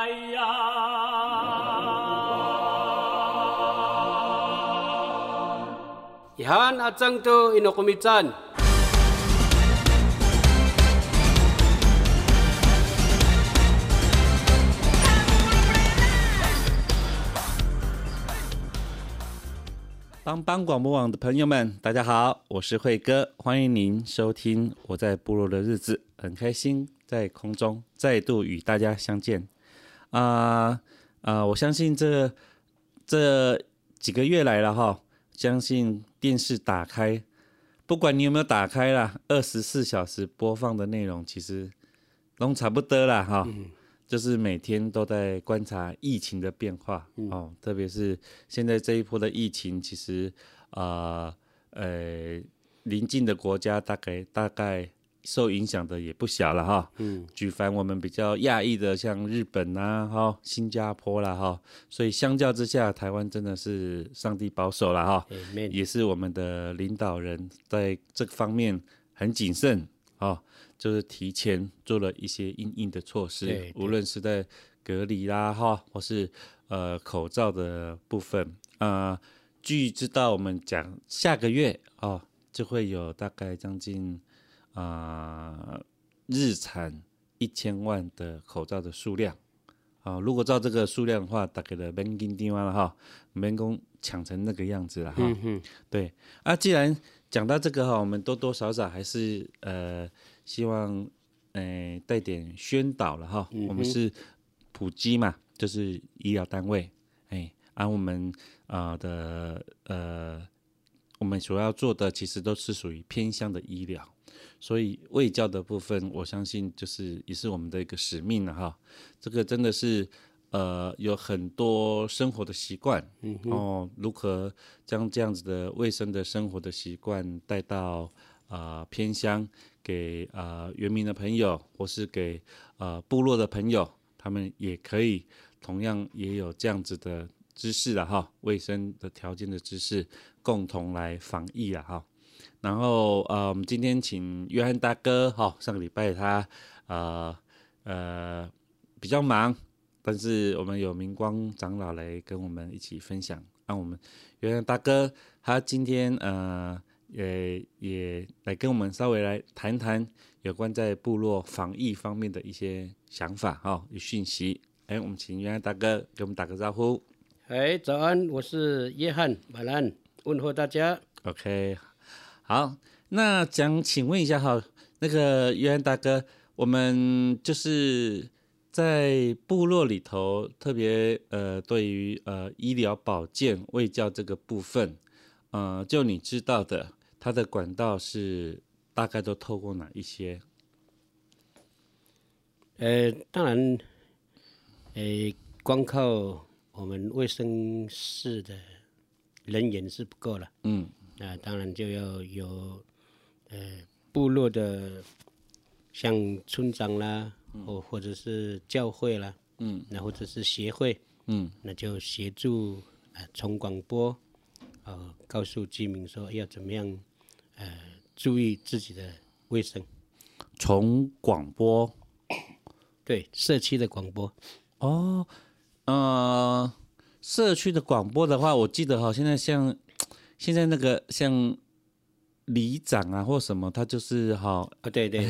哎呀。呀幫幫廣播網的朋友們，大家好，我是慧哥，歡迎您收聽《我在部落的日子》，很開心在空中再度與大家相見。啊啊、呃呃！我相信這這幾個月來了哈，相信電視打開，不管你有沒有打開啦，二十四小時播放的內容其實都差不多啦哈。嗯、就是每天都在觀察疫情的變化哦、嗯，特別是現在這一波的疫情，其實啊呃，臨、呃、近的國家大概大概。受影響的也不小了哈、哦，嗯，舉凡我們比較亞裔的，像日本啦、啊、哈、哦、新加坡啦、哈、哦，所以相較之下，台灣真的是上帝保守了哈、哦，Amen. 也是我們的領導人在這方面很謹慎哦，就是提前做了一些因應的措施，無論是在隔離啦哈，或是呃口罩的部分啊、呃，據知道我們講下個月哦，就會有大概將近。啊、呃，日產一千萬的口罩的數量啊、呃，如果照這個數量的話，大概的員工訂完了哈，員工搶成那個樣子了哈。嗯哼對啊，既然講到這個哈，我們多多少少還是呃希望誒帶、呃、點宣導了哈。嗯、哼我們是普及嘛，就是醫療單位，哎、欸，而、啊、我們啊、呃、的呃，我們所要做的其實都是屬於偏向的醫療。所以，衛教的部分，我相信就是也是我們的一個使命了、啊、哈。這個真的是，呃，有很多生活的習慣，嗯哼，然後、哦、如何將這樣子的衛生的生活的習慣帶到啊、呃、偏鄉，給、呃、啊原民的朋友，或是給啊、呃、部落的朋友，他們也可以同樣也有這樣子的知識了、啊、哈，衛生的條件的知識，共同來防疫了、啊、哈。然後呃，我們今天請約翰大哥哈，哦，上個禮拜他呃呃比較忙，但是我們有明光長老來跟我們一起分享，讓我們約翰大哥他今天呃也也來跟我們稍微來談談有關在部落防疫方面的一些想法哈，與，哦，訊息。哎，我們請約翰大哥給我們打個招呼。哎，早安，我是約翰馬蘭，問候大家。OK。好，那想，請問一下哈，那個於安大哥，我們就是在部落裡頭，特別呃，對於呃醫療保健、衛教這個部分，呃，就你知道的，它的管道是大概都透過哪一些？呃，當然，呃，光靠我們衛生室的人員是不夠了，嗯。那、呃、當然就要有，呃，部落的，像村長啦，或或者是教會啦，嗯，那或者是協會，嗯，那就協助呃，從廣播，呃，告訴居民說要怎麼樣，呃，注意自己的衛生，從廣播，對，社區的廣播，哦，呃，社區的廣播的話，我記得哈、哦，現在像。現在那個像里長啊或什麼，他就是好啊，對對，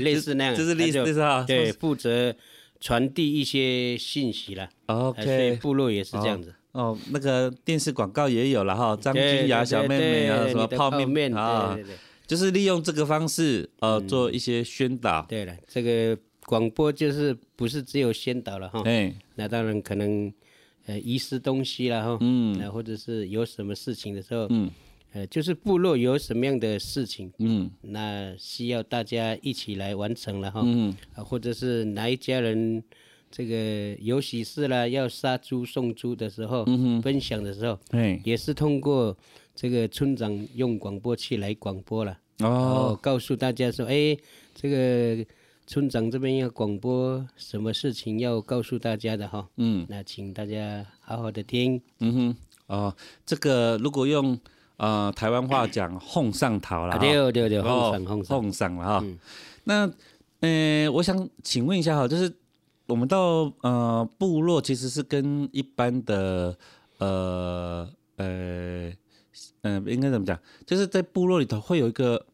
類似那樣，就是類似對，負責傳遞一些信息了。OK，部落也是這樣子。哦，那個電視廣告也有了哈，張君雅小妹妹啊，什麼泡面面啊，就是利用這個方式呃做一些宣導。對了，這個廣播就是不是只有宣導了哈？那當然可能。呃，遺失東西了哈，嗯，或者是有什麼事情的時候，嗯，呃，就是部落有什麼樣的事情，嗯，那需要大家一起來完成了哈，嗯，啊，或者是哪一家人，這個有喜事了，要殺豬送豬的時候，嗯哼，分享的時候，對嘿，也是通過這個村長用廣播器來廣播了，哦，告訴大家說，哎，這個。村長這邊要廣播什麼事情要告訴大家的哈，嗯，那請大家好好的聽。嗯哼，哦、呃，這個如果用呃台灣話講，放送頭了，對、哦、對對、哦，放送放送了哈。那呃，我想請問一下哈，就是我們到呃部落，其實是跟一般的呃呃嗯、呃呃，應該怎麼講？就是在部落裡頭會有一個。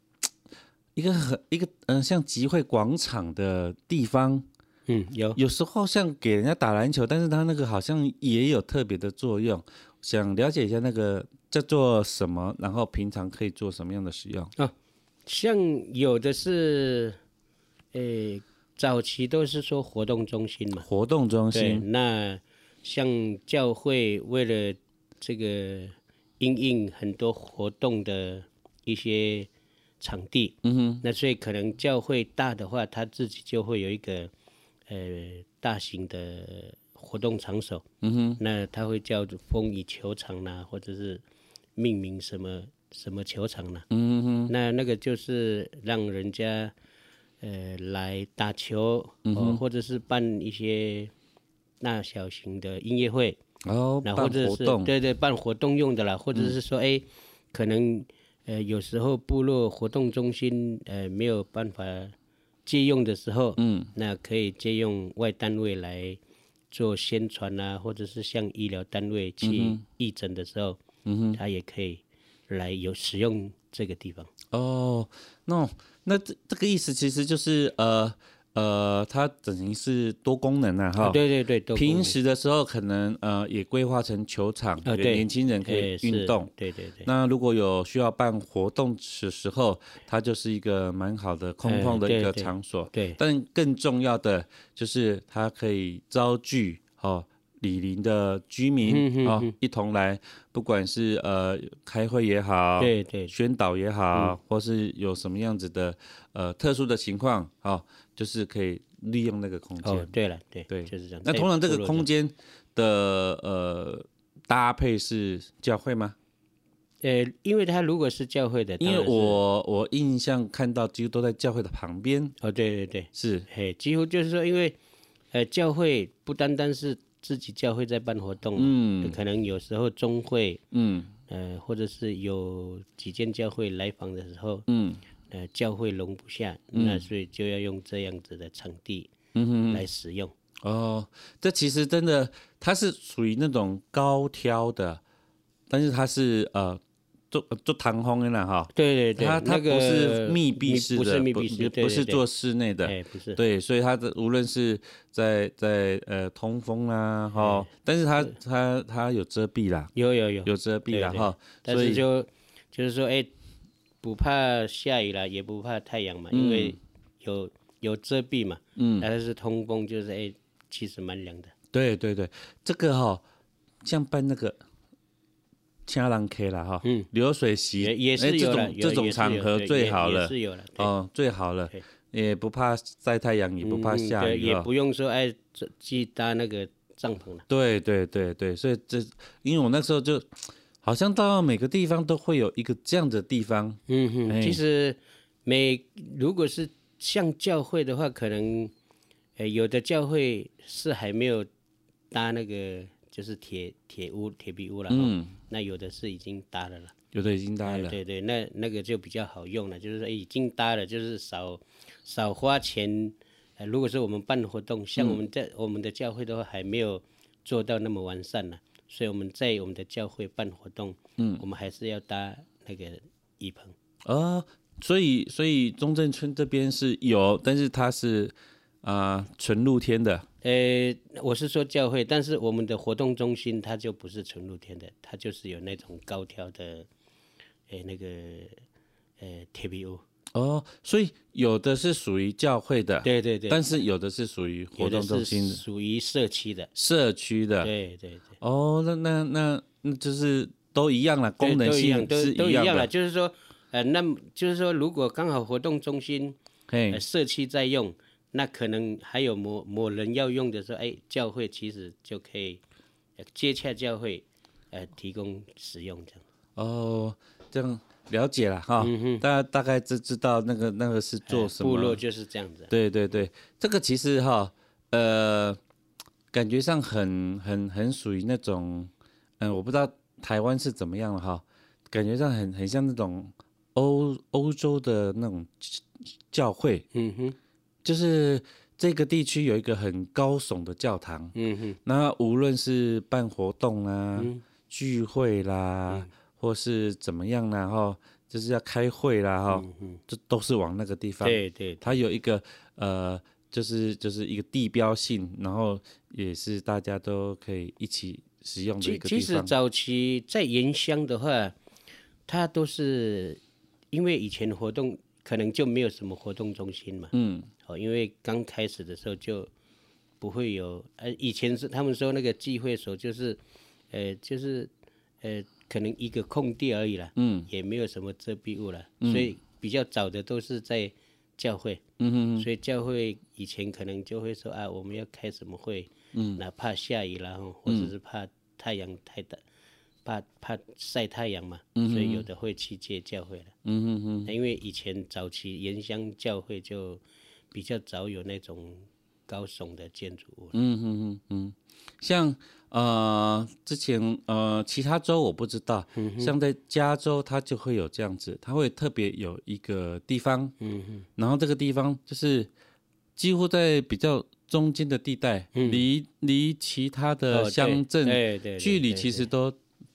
一個很一個嗯，像集會廣場的地方，嗯，有有時候像給人家打籃球，但是他那個好像也有特別的作用，想了解一下那個叫做什麼，然後平常可以做什麼樣的使用，啊，像有的是，誒，呃，早期都是說活動中心嘛，活動中心，那像教會為了這個因應很多活動的一些。場地，嗯哼，那所以可能教會大的話，他自己就會有一個呃大型的活動場所，嗯哼，那他會叫做風雨球場啦、啊，或者是命名什麼什麼球場啦、啊。嗯哼，那那個就是讓人家呃來打球，嗯哼、哦、或者是辦一些大小型的音樂會，哦，或者是辦活動，對對,對，辦活動用的啦，或者是說哎、嗯欸，可能。呃，有時候部落活動中心呃沒有辦法借用的時候，嗯，那可以借用外單位來做宣傳啊，或者是向醫療單位去義診的時候，嗯，嗯他也可以來有使用這個地方。哦，那那這這個意思其實就是呃。呃，它等於是多功能啊，哈，哦、對對對，平時的時候可能呃也規劃成球場，呃、對年輕人可以運動、欸，對對對。那如果有需要辦活動的時，時候，它就是一個蠻好的空曠的一個場所，欸、對，對，對。對，但更重要的就是它可以招聚哦、呃，鄰里的居民啊、嗯哦，一同來，不管是呃開會也好，對對對，宣導也好，嗯、或是有什麼樣子的呃特殊的情況，好、哦。就是可以利用那個空間，哦、對了，對對，就是這樣。哎、那通常這個空間的呃搭配是教會嗎？呃，因為他如果是教會的，是因為我我印象看到幾乎都在教會的旁邊。哦，對對對，是嘿，幾乎就是說，因為呃教會不單單是自己教會在辦活動，嗯，可能有時候中會，嗯，呃，或者是有幾間教會來訪的時候，嗯。呃，教會容不下，那所以就要用這樣子的場地來使用、嗯嗯哼。哦，這其實真的，它是屬於那種高挑的，但是它是呃做做堂風的哈。對對對，它、那個、它不是密閉式的，不是密閉式的，對對對不是做室內的，不是。對，所以它的無論是在在呃通風啦哈，對但是它是它它有遮蔽啦，有有有，有遮蔽啦。哈對，所以但是就就是說哎。欸不怕下雨了，也不怕太陽嘛，嗯、因為有有遮蔽嘛。嗯，但是通風，就是哎、欸，其實蠻涼的。對對對，這個哈、哦，像辦那個請郎 K 了哈，哦嗯、流水席、欸、也是、欸、這種是這種場合最好了。也也是有了，哦，最好了，對也不怕曬太陽，也不怕下雨、嗯，也不用說哎去搭那個帳篷了。對對對對，所以這因為我那時候就。好像到每個地方都會有一個這樣的地方。嗯哼，欸、其實每如果是像教會的話，可能呃有的教會是還沒有搭那個就是鐵鐵屋鐵皮屋了。嗯，那有的是已經搭了了，有的已經搭了。嗯、對，對對，那那個就比較好用了，就是說已經搭了，就是少少花錢。呃、如果說我們辦活動，像我們在、嗯、我們的教會的話，還沒有做到那麼完善呢。所以我們在我們的教會辦活動，嗯，我們還是要搭那個雨棚。啊、哦，所以所以中正村這邊是有，但是它是啊、呃、純露天的。呃，我是說教會，但是我們的活動中心它就不是純露天的，它就是有那種高挑的哎、呃，那個呃鐵皮屋。哦，所以有的是屬於教會的，對對對，但是有的是屬於活動中心，屬於社區的，社區的，對對對。哦，那那那，那就是都一樣了，功能性是一樣都一樣了，就是說，呃，那麼就是說，如果剛好活動中心、呃、社區在用，嘿那可能還有某某人要用的時候，哎、欸，教會其實就可以接洽教會，呃，提供使用這樣。哦，這樣。了解了哈，哦嗯、哼大家大概知知道那個那個是做什麼、欸？部落就是這樣子。對對對，這個其實哈、哦，呃，感覺上很很很屬於那種，嗯、呃，我不知道台灣是怎麼樣了哈、哦，感覺上很很像那種歐歐洲的那種教會。嗯哼，就是這個地區有一個很高聳的教堂。嗯哼，那無論是辦活動啊、嗯、聚會啦。嗯或是怎麼樣呢？哈，就是要開會啦，哈，這、嗯嗯、都是往那個地方。對對，對，它有一個呃，就是就是一個地標性，然後也是大家都可以一起使用的一個。其實早期在鹽鄉的話，它都是因為以前活動可能就沒有什麼活動中心嘛。嗯，哦，因為剛開始的時候就不會有，呃，以前是他們說那個聚會所就是，呃，就是，呃。可能一個空地而已了，嗯，也沒有什麼遮蔽物了，嗯、所以比較早的都是在教會，嗯哼哼，所以教會以前可能就會說啊，我們要開什麼會，嗯，哪怕下雨了，或者是怕太陽太大，嗯、怕怕曬太陽嘛，嗯、哼哼，所以有的會去借教會了，嗯哼哼，因為以前早期原鄉教會就比較早有那種。高聳的建築物，嗯嗯嗯嗯，像呃之前呃其他州我不知道，嗯哼，像在加州它就會有這樣子，它會特別有一個地方，嗯哼，然後這個地方就是幾乎在比較中間的地帶，離離、嗯、其他的鄉鎮、哦、距離其實都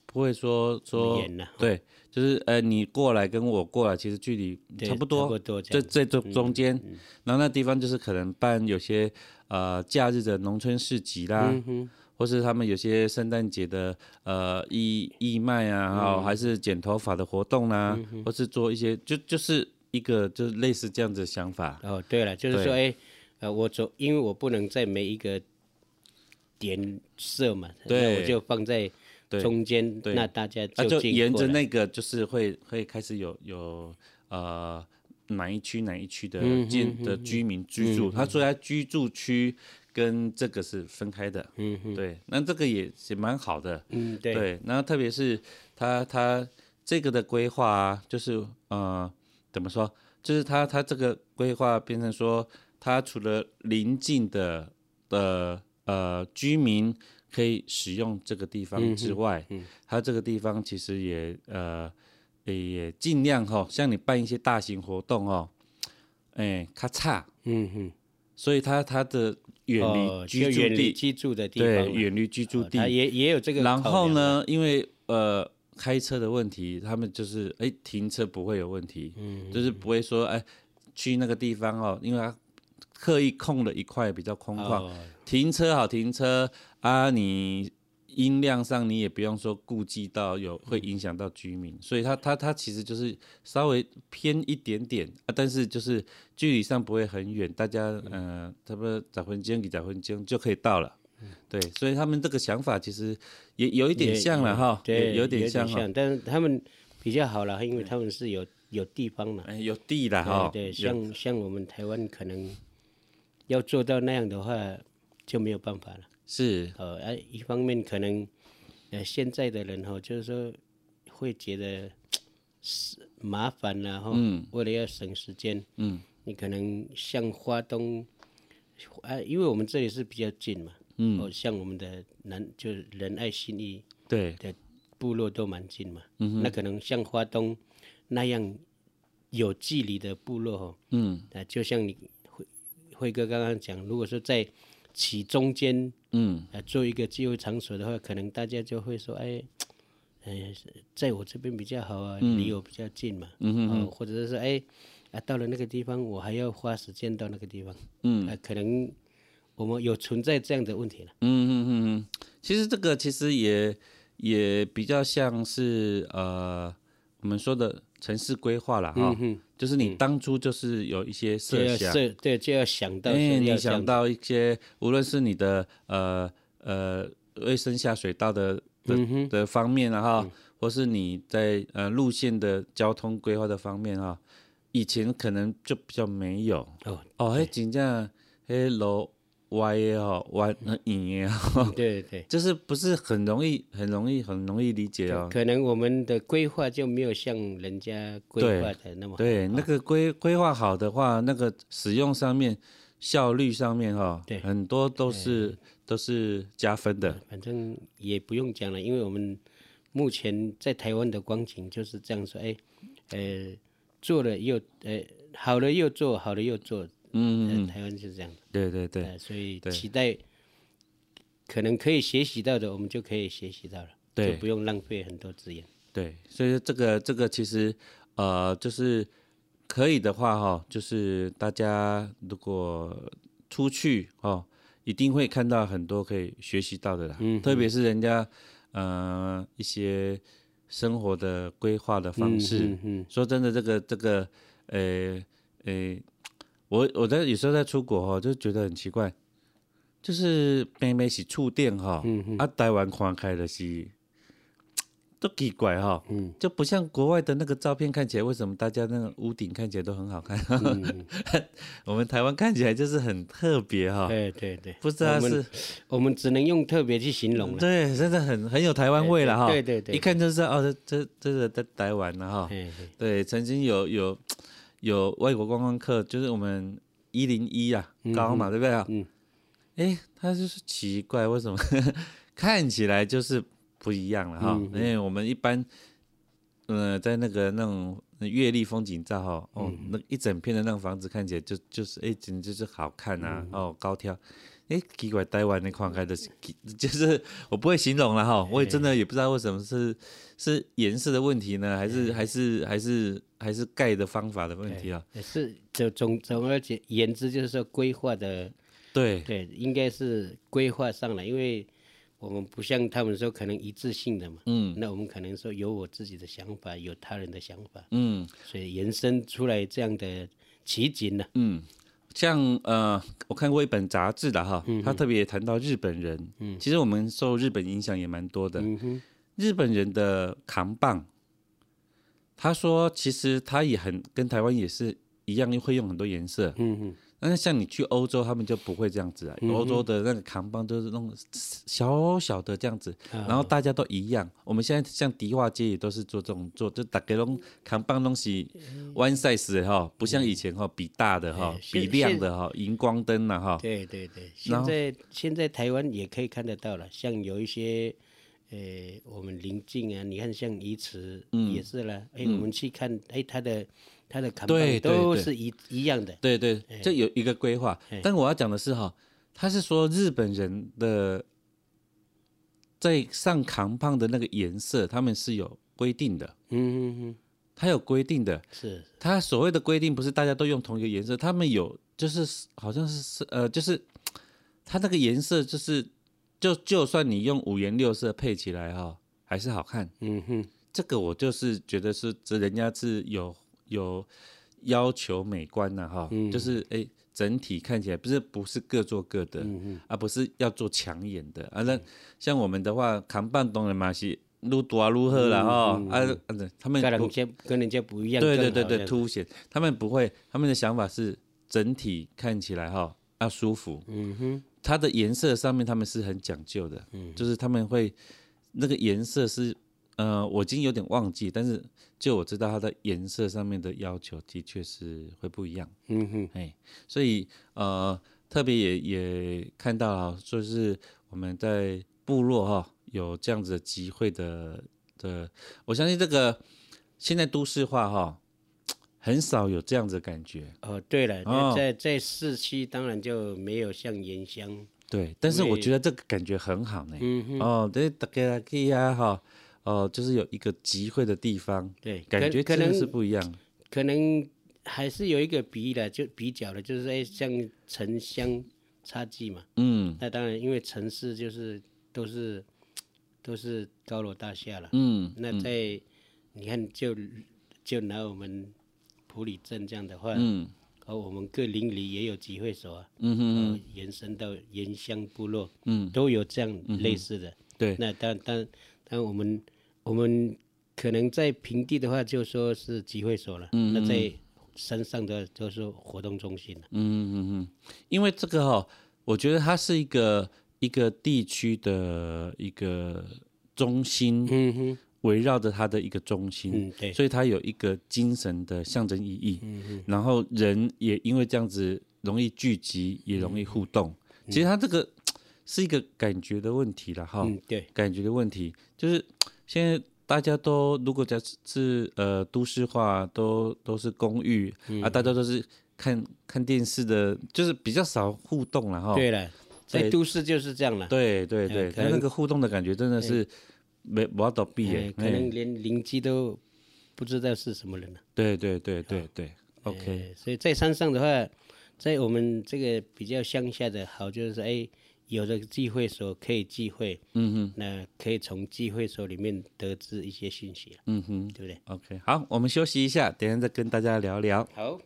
不會說說遠，對，對，對。對對對對。就是呃、欸，你過來跟我過來，其實距離差不多，不多這這中中間，嗯嗯、然後那地方就是可能辦有些呃假日的農村市集啦，嗯、哼或是他們有些聖誕節的呃義義賣啊，然後、嗯哦、還是剪頭髮的活動啊，嗯、哼或是做一些就就是一個就是類似這樣子的想法。哦，對了，就是說，哎對、欸，呃，我走，因為我不能在每一個點設嘛，對，我就放在。對中間對那大家那就、啊、就沿着那個就是會會開始有有呃哪一區哪一區的建、嗯、的居民居住，嗯、哼哼他說他居住區跟這個是分開的，嗯哼，對，那這個也是蠻好的，嗯，對，那特別是他他這個的規劃啊，就是呃怎麼說，就是他他這個規劃變成說，他除了鄰近的的呃居民。可以使用這個地方之外，它、嗯嗯、這個地方其實也呃，也也盡量吼，像你辦一些大型活動哦，哎、欸，咔嚓，嗯哼。所以它它的遠離居住地，哦、居住的地方，對，遠離居住地，哦、也也有這個。然後呢，因為呃，開車的問題，他們就是哎、欸，停車不會有問題，嗯嗯嗯嗯，就是不會說哎、欸、去那個地方哦，因為它刻意空了一塊比較空曠，哦，停車好停車。啊，你音量上你也不用說顧及到有會影響到居民，嗯、所以他他他其實就是稍微偏一點點啊，但是就是距離上不會很遠，大家嗯、呃，差不多幾分鐘給幾分鐘就可以到了，嗯、對，所以他們這個想法其實也有一點像了哈，對，有，一點有點像，但是他們比較好了，因為他們是有有地方嘛、欸，有地的哈，對，像像我們台灣可能要做到那樣的話就沒有辦法了。是，哦、啊，一方面可能，呃，現在的人哈，就是說會覺得是麻煩了哈，嗯、為了要省時間，嗯，你可能像花東，啊，因為我們這裡是比較近嘛，嗯，哦，像我們的仁就是仁愛信義，對的部落都蠻近嘛，嗯，那可能像花東那樣有距離的部落哈，嗯，啊，就像你慧慧哥剛剛講，如果說在其中間。嗯，啊，做一個聚會場所的話，可能大家就會說，哎，呃，在我這邊比較好啊，離我比較近嘛，嗯嗯、啊，或者是說，哎，啊，到了那個地方，我還要花時間到那個地方，嗯、啊，可能我們有存在這樣的問題了，嗯嗯嗯嗯，其實這個其實也也比較像是呃，我們說的。城市規劃了哈，嗯、哼就是你當初就是有一些設想，嗯，對，就要想到要，哎，欸，你想到一些，無論是你的呃呃衛生下水道的的的方面啊哈，嗯、哼或是你在呃路線的交通規劃的方面啊，以前可能就比較沒有哦哦，嘿，哦，對真正嘿樓。歪也好，歪彎影也好， 對對，就是不是很容易，很容易，很容易理解哦。可能我們的規劃就沒有像人家規劃的那麼好好對，對。那個規規劃好的話，那個使用上面、效率上面，哈對，很多都是、嗯、都是加分的、呃。反正也不用講了，因為我們目前在台灣的光景就是這樣說，哎，呃，做了又，哎、呃，好了又做，好了又做。嗯，臺灣就是這樣。對對對，所以期待可能可以學習到的，我們就可以學習到了，對就不用浪費很多資源。對，所以這個這個其實，呃，就是可以的話哈、哦，就是大家如果出去哦，一定會看到很多可以學習到的啦。嗯哼，特別是人家呃一些生活的規劃的方式。嗯嗯哼。說真的，這個這個，呃呃。我我在有時候在出國哈、哦，就覺得很奇怪，就是每每是觸電哈、哦，嗯嗯、啊，台灣花開的西都奇怪哈、哦，嗯、就不像國外的那個照片，看起來，為什麼大家那個屋頂看起來都很好看、嗯？ 我們台灣看起來就是很特別哈、哦。對，對對，不是啊是，是我，我們只能用特別去形容對，真的很很有台灣味了哈、哦。對對對，對對對，一看就是哦，這這這是在台灣了哈、哦。對，對，對，對，曾經有有。有外國觀光客，就是我們一零一啊，高嘛，嗯、哼對不對啊？嗯，他、欸、就是奇怪，為什麼 看起來就是不一樣了哈？嗯嗯因為我們一般，嗯、呃，在那個那種月曆風景照哈，哦，嗯、那一整片的那種房子看起來就就是哎，整、欸、就是好看吶、啊，嗯嗯哦，高挑。誒、欸，奇怪，呆完那塊開的、就是，就是我不會形容了哈，嗯、我也真的也不知道為什麼是。欸是顏色的問題呢，還是、嗯、還是還是還是蓋的方法的問題啊？也是，總總而言之，就是說規劃的對對，應該是規劃上來。因為我們不像他們說可能一致性的嘛，嗯，那我們可能說有我自己的想法，有他人的想法，嗯，所以延伸出來這樣的奇景呢、啊，嗯，像呃，我看過一本雜誌的哈，他、嗯、哼特別談到日本人，嗯哼，其實我們受日本影響也蠻多的，嗯哼。日本人的扛棒，他說其實他也很跟台灣也是一樣，會用很多顏色。嗯嗯哼。但是像你去歐洲，他們就不會這樣子啊。歐、嗯、哼洲的那個扛棒就是弄小小的這樣子，嗯、哼然後大家都一樣。我們現在像迪化街也都是做這種做，就大給扛棒東西 one size 哈，不像以前哈比大的哈、嗯、比亮的哈熒光燈了哈。對對對，現在後現在台灣也可以看得到了，像有一些。誒、欸，我們鄰近啊，你看像魚池也是啦。哎、嗯，欸，我們去看，哎、欸，它的它的扛棒對，對，對，都是一一樣的。對，對對，欸，這有一個規劃。欸、但我要講的是哈、喔，他是說日本人的在上扛棒的那個顏色，他們是有規定的。嗯嗯嗯，他有規定的是，是，他所謂的規定不是大家都用同一個顏色，他們有就是好像是是呃，就是他那個顏色就是。就就算你用五顏六色配起來哈，還是好看。嗯哼，這個我就是覺得是，這人家是有有要求美觀的哈，嗯、就是誒、欸，整體看起來不是不是各做各的，而、嗯哼啊、不是要做搶眼的啊。那、嗯、像我們的話，扛棒當然嘛是，愈多愈好啦哈，啊，他們跟人，跟人家不一樣，對，對對對對，凸顯他們不會，他們的想法是整體看起來哈要、啊、舒服。嗯哼。它的顏色上面，他們是很講究的，就是他們會那個顏色是，呃，我已經有點忘記，但是就我知道它的顏色上面的要求的確是會不一樣，嗯哼，哎，所以呃，特別也也看到了就是我們在部落哈、哦、有這樣子的集會的的，我相信這個現在都市化哈。哦很少有這樣子的感覺哦。對了、哦，在在市區當然就沒有像原鄉。對，但是我覺得這個感覺很好呢、欸。嗯哼哦，對，大家可以啊哈。哦，就是有一個集會的地方。對，感覺可能是不一樣可。可能還是有一個比例的，就比較的，就是在像城鄉差距嘛。嗯。那當然，因為城市就是都是都是高樓大廈了。嗯。那在、嗯、你看就，就就拿我們。普里鎮這樣的話，嗯，和我們各鄰里也有集會所啊，嗯、嗯，延伸到原鄉部落，嗯，都有這樣類似的。嗯、對，那但但但我們我們可能在平地的話，就說是集會所了。嗯、嗯，那在山上的就是活動中心了。嗯哼嗯嗯，因為這個哈、哦，我覺得它是一個一個地區的一個中心。嗯哼。圍繞着他的一個中心，嗯、所以他有一個精神的象徵意義，嗯嗯嗯、然後人也因為這樣子容易聚集，也容易互動。嗯嗯、其實他這個是一個感覺的問題了哈，嗯、感覺的問題就是現在大家都如果假設是呃都市化，都都是公寓、嗯、啊，大家都是看看電視的，就是比較少互動了哈。對了，在都市就是這樣了。對對對，它那個互動的感覺真的是。欸沒比，我要倒閉呀！可能連鄰居都不知道是什麼人了，啊。對對對對對，OK。所以在山上的話，在我們這個比較鄉下的好，就是說，哎，欸，有的聚會所可以聚會，嗯哼，那可以從聚會所裡面得知一些信息，啊，嗯哼，對不對？OK，好，我們休息一下，等一下再跟大家聊聊。好。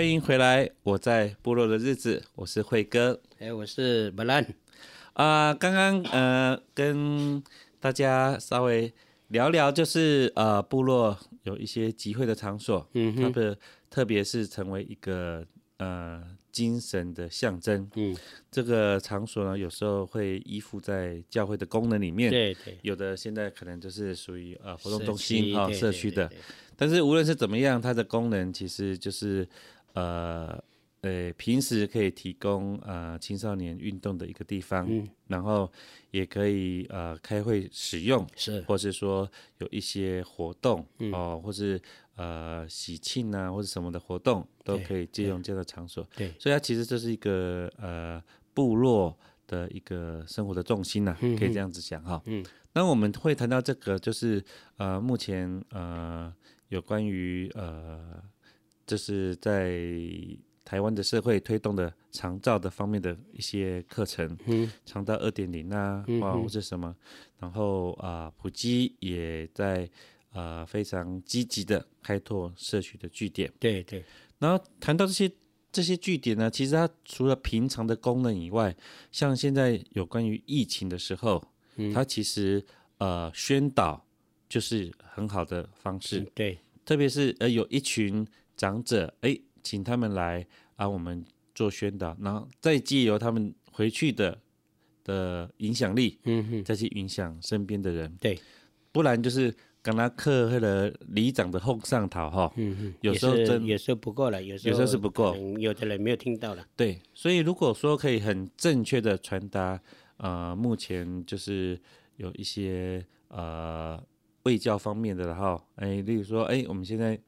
歡迎回來！我在部落的日子，我是慧哥。哎，hey, 我是馬蘭。啊、呃，剛剛呃，跟大家稍微聊聊，就是呃，部落有一些集會的場所，嗯哼，它的特別是成為一個呃精神的象徵。嗯，這個場所呢，有時候會依附在教會的功能裡面，對，對，有的現在可能就是屬於呃活動中心啊、哦、社區的，但是無論是怎麼樣，它的功能其實就是。呃，呃，平時可以提供啊、呃、青少年運動的一個地方，嗯、然後也可以呃開會使用，是，或是說有一些活動、嗯、哦，或是呃喜慶啊或者什麼的活動，都可以借用這個場所。對，對，所以它其實這是一個呃部落的一個生活的重心吶、啊，嗯、哼可以這樣子講哈、哦。嗯，那我們會談到這個，就是呃目前呃有關於呃。就是在台灣的社會推動的長照的方面的一些課程，嗯，長照二點零啊，或者、嗯嗯、什麼，嗯嗯、然後啊、呃，普及也在啊、呃、非常積極的開拓社區的據點，對對。對，然後談到這些這些據點呢，其實它除了平常的功能以外，像現在有關於疫情的時候，嗯、它其實呃宣導就是很好的方式，對，對，特別是呃有一群，長者，哎，請他們來啊，我們做宣導，然後再借由他們回去的的影響力，嗯哼，再去影響身邊的人，對，不然就是跟他客或者里長的後上頭哈，嗯哼有，有時候真有時候不夠了，有時候是不夠，有的人沒有聽到了，對，所以如果說可以很正確的傳達，呃，目前就是有一些呃衛教方面的哈，哎，例如說，哎，我們現在。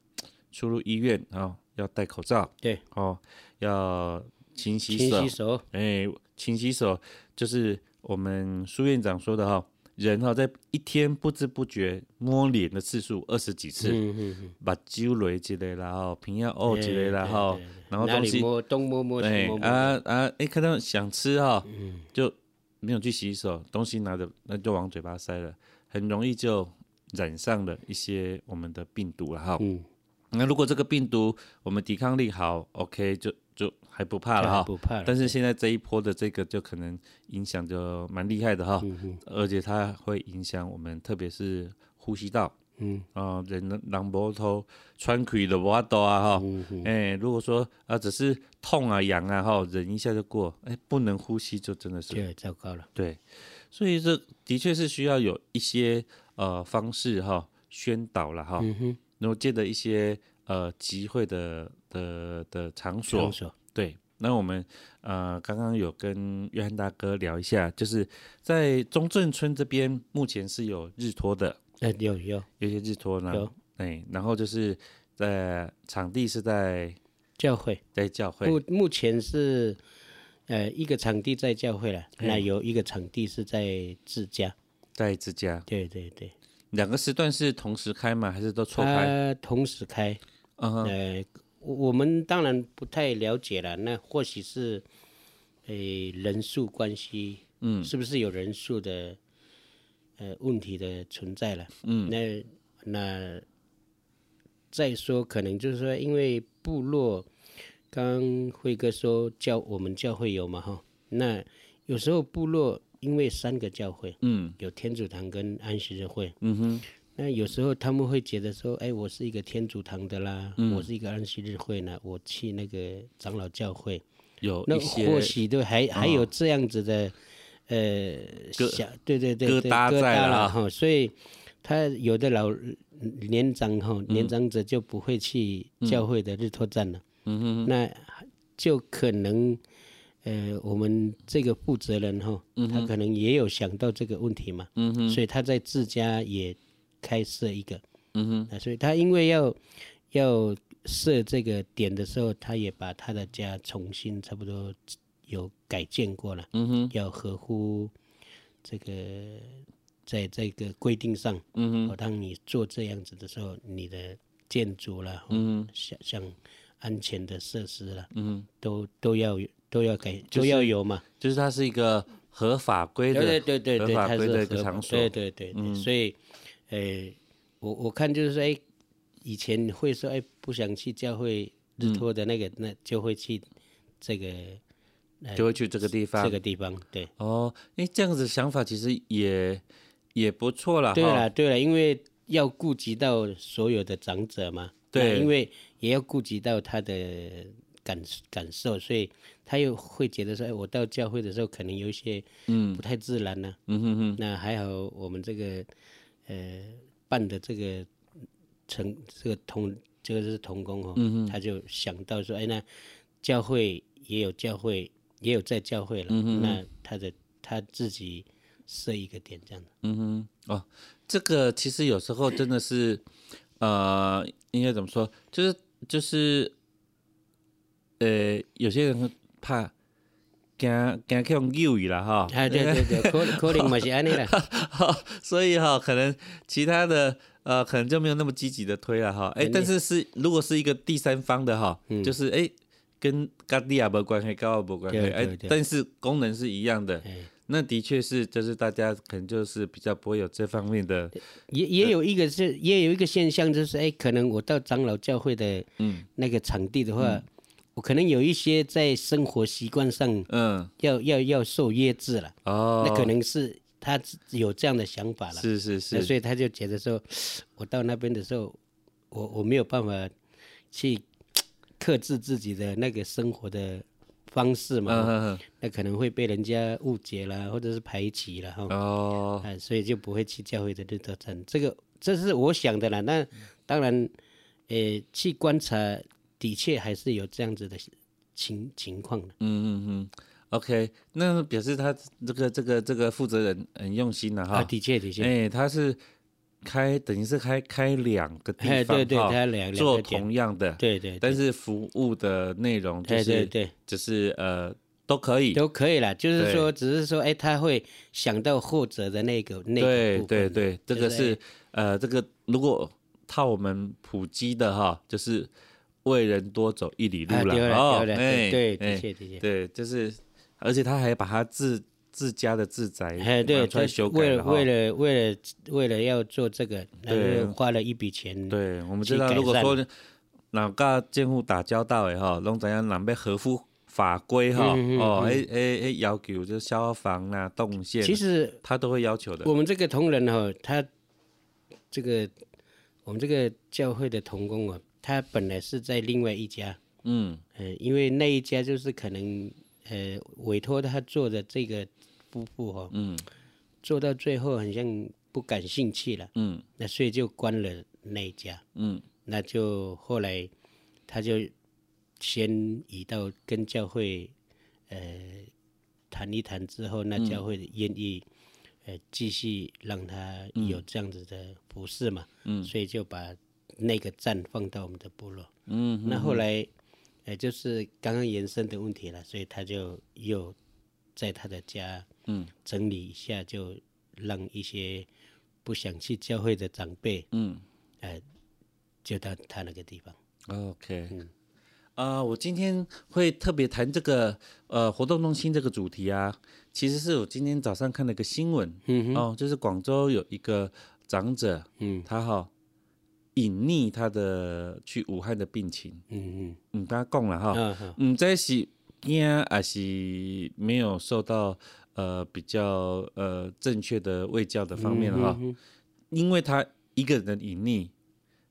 出入醫院啊、哦，要戴口罩。對，哦，要勤洗手。勤洗手。哎、欸，勤洗手，就是我們蘇院長說的哈，人哈在一天不知不覺摸臉的次數二十幾次，把雞肋之類，然後平藥哦之類，然後、欸、然後東西東摸摸西摸摸，對、欸、啊啊哎，看、欸、到想吃哈，就沒有去洗手，東西拿着那就往嘴巴塞了，很容易就染上了一些我們的病毒了哈。哦嗯那如果這個病毒我們抵抗力好，OK 就就還不怕了哈，不怕。但是現在這一波的這個就可能影響就蠻厲害的哈，嗯嗯、而且它會影響我們，特別是呼吸道。嗯啊、呃，人能不透，喘川都不怕抖啊哈。哎、嗯嗯欸，如果說啊、呃、只是痛啊癢啊哈，忍一下就過。哎、欸，不能呼吸就真的是，對，糟糕了。對，所以這的確是需要有一些呃方式哈宣導了哈。嗯哼然後借著一些呃集會的的的，的場所，對。那我們呃剛剛有跟約翰大哥聊一下，就是在中正村這邊目前是有日托的，呃，有有有些日托呢，有對，然後就是在場地是在教會，在教會。目目前是呃一個場地在教會了，嗯，那有一個場地是在自家，在自家，對對對。兩個時段是同時開嗎，還是都錯開？同時開。嗯哼。呃，我我們當然不太了解了。那或許是，呃，人數關係，嗯，是不是有人數的，呃，問題的存在了？嗯。那那，那再說可能就是說，因為部落，剛慧哥說教我們教會有嘛哈。那有時候部落。因為三個教會，嗯，有天主堂跟安息日會，嗯哼，那有時候他們會覺得說，哎，我是一個天主堂的啦，嗯、我是一個安息日會呢，我去那個長老教會，有些那或許都還還有這樣子的，嗯、呃，小哥對對對，疙疙瘩了哈，所以他有的老年長哈、嗯、年長者就不會去教會的日托站了，嗯哼，哼，那就可能。呃，我們這個負責人哈，嗯、哼他可能也有想到這個問題嘛，嗯、哼所以他在自家也開設一個，嗯哼，那所以他因為要要設這個點的時候，他也把他的家重新差不多有改建過了，嗯、哼要合乎這個在這個規定上，我、嗯、哼當你做這樣子的時候，你的建築啦嗯哼，像像安全的設施啦嗯哼都，都都要。都要給，就是、都要有嘛，就是它是一個合法規的，對對對對它是合法規的一個場所，對對，對對對，嗯、所以，哎、呃，我我看就是說，哎、欸，以前會說，哎、欸，不想去教會日托的那個，嗯、那就會去這個，呃、就會去這個地方，這個地方，對，哦，哎，這樣子想法其實也也不錯了，對了啦吼對了，因為要顧及到所有的長者嘛，對，因為也要顧及到他的。感感受，所以他又會覺得說：“哎，我到教會的時候，可能有一些嗯不太自然呢、啊。嗯”嗯那還好，我們這個呃辦的這個成這個同、這個是同工哦，嗯、哼他就想到說：“哎，那教會也有教會，也有在教會了。嗯哼”那他的他自己設一個點這樣的。嗯哦，這個其實有時候真的是，呃，應該怎麼說？就是就是。呃，有些人怕，怕，驚驚去用英語了哈。哎、哦啊，對對對，可 可能嘛，是安尼的，所以哈、哦，可能其他的呃，可能就沒有那麼積極的推了哈。哎、哦，但是是如果是一個第三方的哈，哦嗯、就是哎，跟加利亞沒關係，高傲沒關係。哎，但是功能是一樣的。哎、那的確是，就是大家可能就是比較不會有這方面的。也也有一個是，是、嗯、也有一個現象，就是哎，可能我到長老教會的嗯那個場地的話。嗯我可能有一些在生活習慣上，嗯，要要要受壓制了。哦，那可能是他有這樣的想法了。是是是，那所以他就覺得說，我到那邊的時候，我我沒有辦法去克制自己的那個生活的方式嘛。嗯、哼哼，那可能會被人家誤解了，或者是排擠了哈。哦，哎、嗯，所以就不會去教會的這座城。這個這是我想的了。那當然，誒、欸，去觀察。的確還是有這樣子的情情況的。嗯嗯嗯，OK，那表示他這個這個這個負責人很用心哈，啊。的確的確。哎、欸，他是開等於是開開兩個地方號，做同樣的，對，對對。但是服務的內容就是、欸、對對只、就是呃都可以都可以啦。就是說對只是說哎、欸、他會想到負責的那個那個部分。對對對，這個是、就是欸、呃這個如果套我們普及的哈，就是。為人多走一里路了，哦，哎，對，謝謝，謝謝，對，就是，而且他還把他自自家的自宅，哎，對，穿繡，為了為了為了為了要做這個，對，花了一筆錢，對，我們知道，如果說哪家政府打交道也好，弄怎樣南北合乎法規哈，哦，哎哎哎，要求就是消防啊，動線，其實他都會要求的。我們這個同仁哈，他這個我們這個教會的同工啊。他本來是在另外一家，嗯、呃，因為那一家就是可能，呃，委託他做的這個夫婦哈、哦，嗯，做到最後好像不感興趣了，嗯，那所以就關了那一家，嗯，那就後來他就先移到跟教會，呃，談一談之後，那教會願意，嗯、呃，繼續讓他有這樣子的服侍嘛，嗯、所以就把。那個站放到我們的部落，嗯哼哼，那後來，呃，就是剛剛延伸的問題了，所以他就又在他的家，嗯，整理一下，嗯、就讓一些不想去教會的長輩，嗯，哎、呃，就到他那個地方。OK，嗯，啊、呃，我今天會特別談這個呃活動中心這個主題啊，其實是我今天早上看了一個新聞，嗯哼哦，就是廣州有一個長者，嗯，他好。隱匿他的去武漢的病情，嗯嗯，唔敢講了。哈、哦，嗯唔知是驚，還是沒有受到呃比較呃正確的衛教的方面哈，嗯嗯嗯，因為他一個人的隱匿，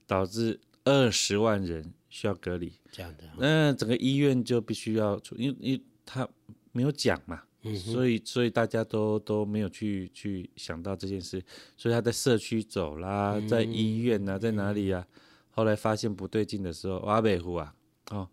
導致二十萬人需要隔離，這樣的，哦，那整個醫院就必須要出，因因為他沒有講嘛。嗯、所以，所以大家都都沒有去去想到這件事，所以他在社區走啦，在醫院啊，嗯、在哪裡啊？嗯、後來發現不對勁的時候，阿北湖啊，哦，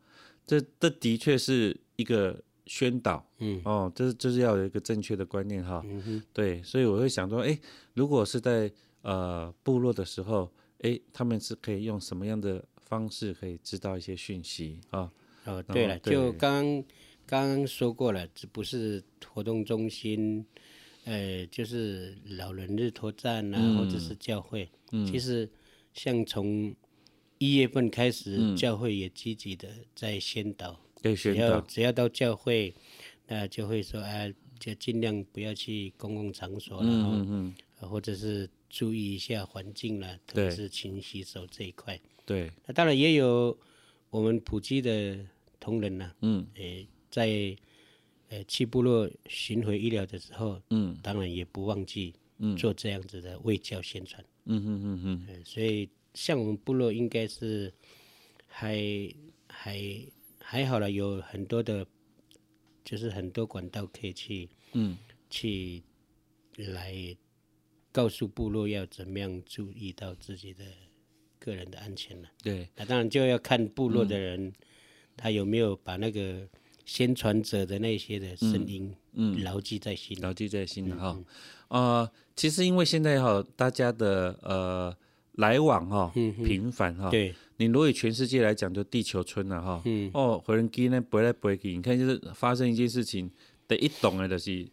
這這的確是一個宣導，嗯，哦，這就是要有一個正確的觀念哈，哦嗯、哼對，所以我會想說，哎、欸，如果是在呃部落的時候，哎、欸，他們是可以用什麼樣的方式可以知道一些訊息啊？哦，哦後對了，就剛。剛剛說過了，這不是活動中心，呃，就是老人日托站啊，嗯、或者是教會。嗯、其實，像從一月份開始，嗯、教會也積極的在宣導。在宣導、欸、只要只要到教會，那就會說哎、呃，就盡量不要去公共場所了、嗯。嗯嗯或者是注意一下環境了、啊，特別對是勤洗手這一塊。對。那當然也有我們普及的同仁呢、啊、嗯。在呃，去部落巡回醫療的時候，嗯，當然也不忘記做這樣子的衛教宣傳，嗯嗯嗯嗯。所以，像我們部落應該是還還還好了，有很多的，就是很多管道可以去，嗯，去來告訴部落要怎麼樣注意到自己的個人的安全了，啊。對，那，啊，當然就要看部落的人，嗯，他有沒有把那個。先傳者的那些的聲音嗯，嗯，牢記在心，牢記在心的、啊、哈、嗯嗯呃，其實因為現在哈，大家的呃來往哈頻、嗯嗯、繁哈，對，你如果以全世界來講，就地球村了哈，嗯，哦，回人機呢，回來回去，你看就是發生一件事情，第一動的、就是，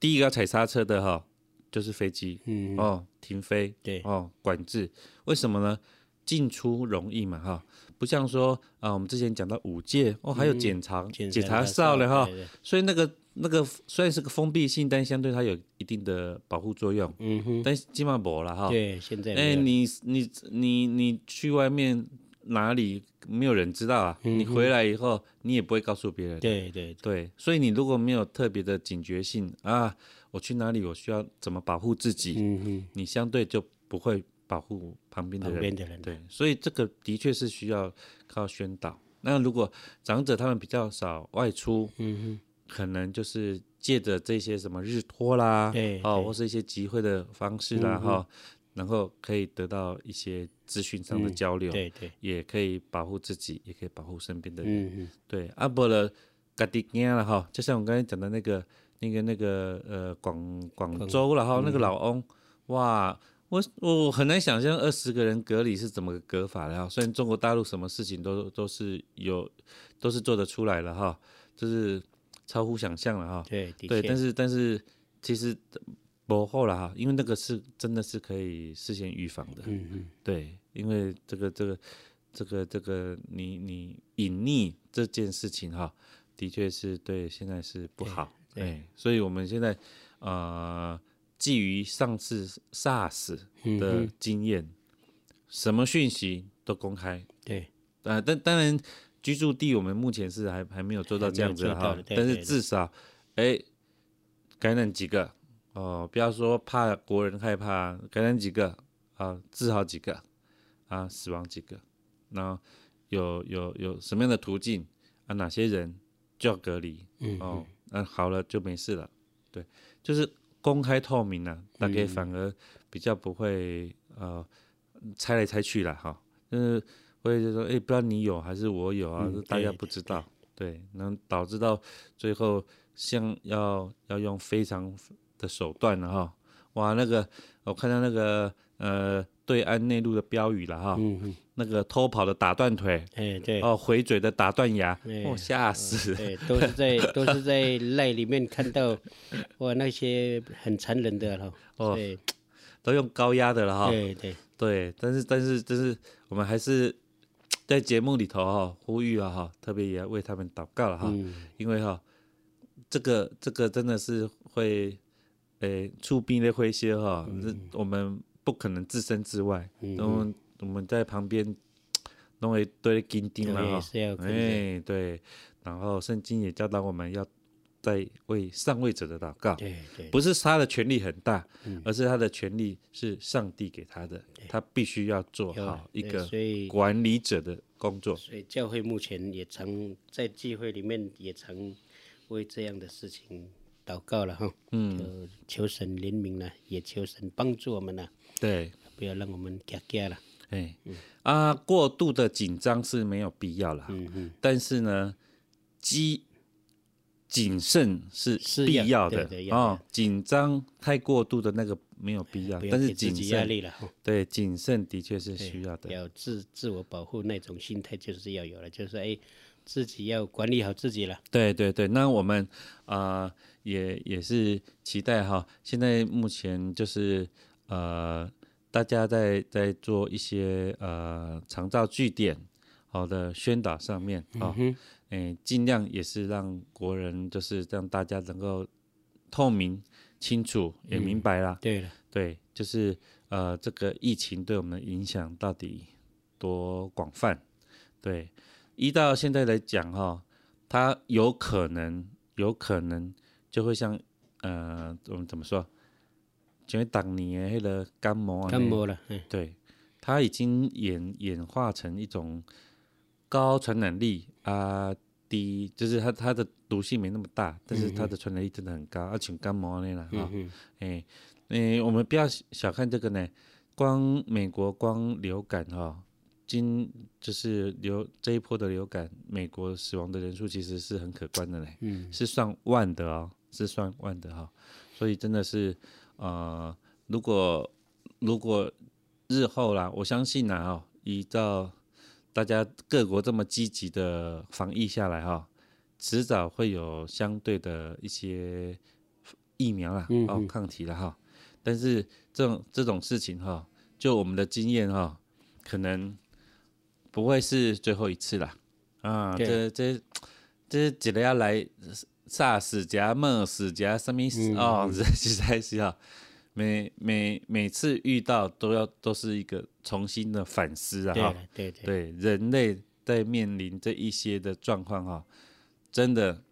第一個要踩剎車的哈，就是飛機，嗯，哦，停飛，對，哦，管制，為什麼呢？進出容易嘛，哈。不像說啊，我們之前講到五戒哦，還有檢查、檢、嗯、查哨的哈，所以那個那個雖然是個封閉性，但相對它有一定的保護作用。嗯哼，但是基本上沒了哈。對，現在。哎、欸，你你你你，你去外面哪裡沒有人知道啊？嗯、哼你回來以後，你也不會告訴別人。對對對，對，所以你如果沒有特別的警覺性啊，我去哪裡，我需要怎麼保護自己？嗯哼，你相對就不會。保護旁邊的人，的人對，所以這個的確是需要靠宣導。那如果長者他們比較少外出，嗯哼，可能就是借着這些什麼日托啦對，對，哦，或是一些集會的方式啦，哈、嗯哼，然後可以得到一些資訊上的交流，對對、嗯，也可以保護自己，嗯、也可以保護身邊的人，嗯嗯對。阿波羅嘎迪尼亞了哈，就像我剛才講的那個、那個、那個呃廣廣州然後那個老翁，嗯、哇。我我很難想象二十個人隔離是怎麼個隔法的哈，雖然中國大陸什麼事情都都是有，都是做得出來了哈，就是超乎想象了哈。對對的確 但，但是但是其實不好了哈，因為那個是真的是可以事先預防的。嗯嗯。嗯對，因為這個這個這個這個你你隱匿這件事情哈，的確是對現在是不好。對，對、欸，所以我們現在呃。基於上次 SARS 的經驗，嗯、哼什麼訊息都公開。對，啊，但當然，居住地我們目前是還還沒有做到這樣子哈。但是至少，哎、欸，感染幾個哦，不要說怕國人害怕，感染幾個啊，治好幾個啊，死亡幾個，然後有有有什麼樣的途徑，啊，哪些人就要隔離。嗯、哼哦，那、啊、好了就沒事了。對，就是。公開透明了、啊，大概反而比較不會、嗯、呃猜來猜去了哈，呃，就是、會就說哎、欸，不知道你有還是我有啊，嗯，大家不知道，對，對，對，對，能導致到最後像要要用非常的手段了哈，哇，那個我看到那個呃。對岸內陸的標語了哈、嗯哼，那個偷跑的打斷腿，哎、欸、對，哦回嘴的打斷牙，欸、哦，嚇死、欸，都是在 都是在賴裡面看到，哇那些很殘忍的了。哦，都用高壓的了哈、欸，對對對，但是但是就是我們還是在節目裡頭哈呼籲啊哈，特別也要為他們禱告了哈，嗯、因為哈這個這個真的是會誒觸、欸、兵的會些哈，嗯、我們。不可能置身之外，嗯哼，我們我們在旁邊弄一堆釘釘嘛。哈，哎，對，然後聖經也教導我們要在為上位者的禱告，對對，對不是他的權力很大，嗯、而是他的權力是上帝給他的，嗯、他必須要做好一個管理者的工作對所。所以教會目前也常在聚會裡面也常為這樣的事情禱告了哈，嗯，求神憐憫呢，也求神幫助我們呢、啊。對，不要讓我們夾夾了。哎，嗯、啊，過度的緊張是沒有必要了。嗯嗯哼。但是呢，機謹慎是必要的，要對對對要的啊。緊張、哦、太過度的那個沒有必要，哎、要但是謹慎。壓力了。對，謹慎的確是需要的，要自自我保護那種心態就是要有了，就是哎、欸，自己要管理好自己了。對對對，那我們啊、呃、也也是期待哈，現在目前就是。呃，大家在在做一些呃長照據點，好的宣導上面啊，哦、嗯哼，盡量也是讓國人就是讓大家能夠透明、清楚也明白啦、嗯、了，對，對，就是呃這個疫情對我們的影響到底多廣泛？對，一到現在來講哈、哦，它有可能，有可能就會像呃我們怎麼說？為當年的迄個感冒啊，感冒啦，對，它已經演演化成一種高傳染力啊，低就是它它的毒性沒那麼大，但是它的傳染力真的很高啊，像感冒呢啦，哈，誒、呃啊嗯嗯嗯，誒，我們不要小看這個呢，光美國光流感哈，今就是流這一波的流感，美國死亡的人數其實是很可觀的嘞，是上萬的哦、喔，是上萬的哈，所以真的是。啊、呃，如果如果日後啦，我相信啦，哦，依照大家各國這麼積極的防疫下來哈，哦，遲早會有相對的一些疫苗啦，嗯、哼哦，抗體了哈，哦。但是這種這種事情哈，哦，就我們的經驗哈，哦，可能不會是最後一次啦，啊，對這這這幾了要來。啥死家們，死家什麼死哦？嗯、實在是啊！每每每次遇到，都要都是一個重新的反思啊！對，對對，對，對人類在面臨這一些的狀況哈，真的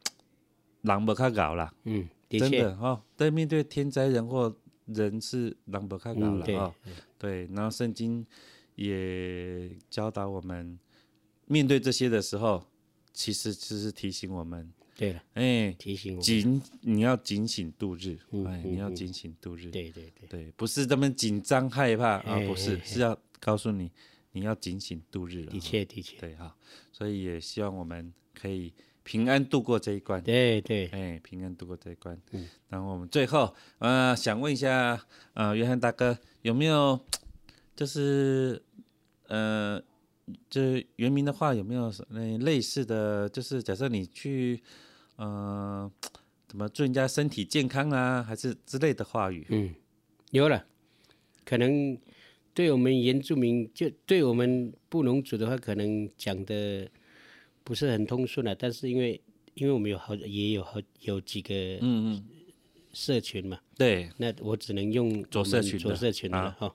難不看搞了。嗯，真的哈。在確、哦、面對天災人禍，人是難不看搞、嗯、了啊、哦！對，然後聖經也教導我們，面對這些的時候，其實就是提醒我們。對了，哎，提醒我，警，你要警醒度日，哎，你要警醒度日，對對對，對，不是這麼緊張害怕啊，不是，是要告訴你，你要警醒度日了，的確的確，對哈，所以也希望我們可以平安度過這一關，對對，哎，平安度過這一關，嗯，然後我們最後，呃，想問一下，呃，約翰大哥有沒有，就是，呃。這原民的話有沒有那類似的，就是假設你去，呃，怎麼祝人家身體健康啊，還是之類的話語？嗯，有了，可能對我們原住民，就對我們布農族的話，可能講的不是很通順了啊，但是因為因為我們有好也有好有幾個嗯嗯社群嘛，嗯嗯對，那我只能用卓社群卓社群了哈。哦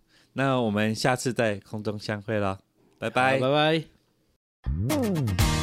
那我們下次在空中相會了，拜拜，拜拜，拜拜，嗯。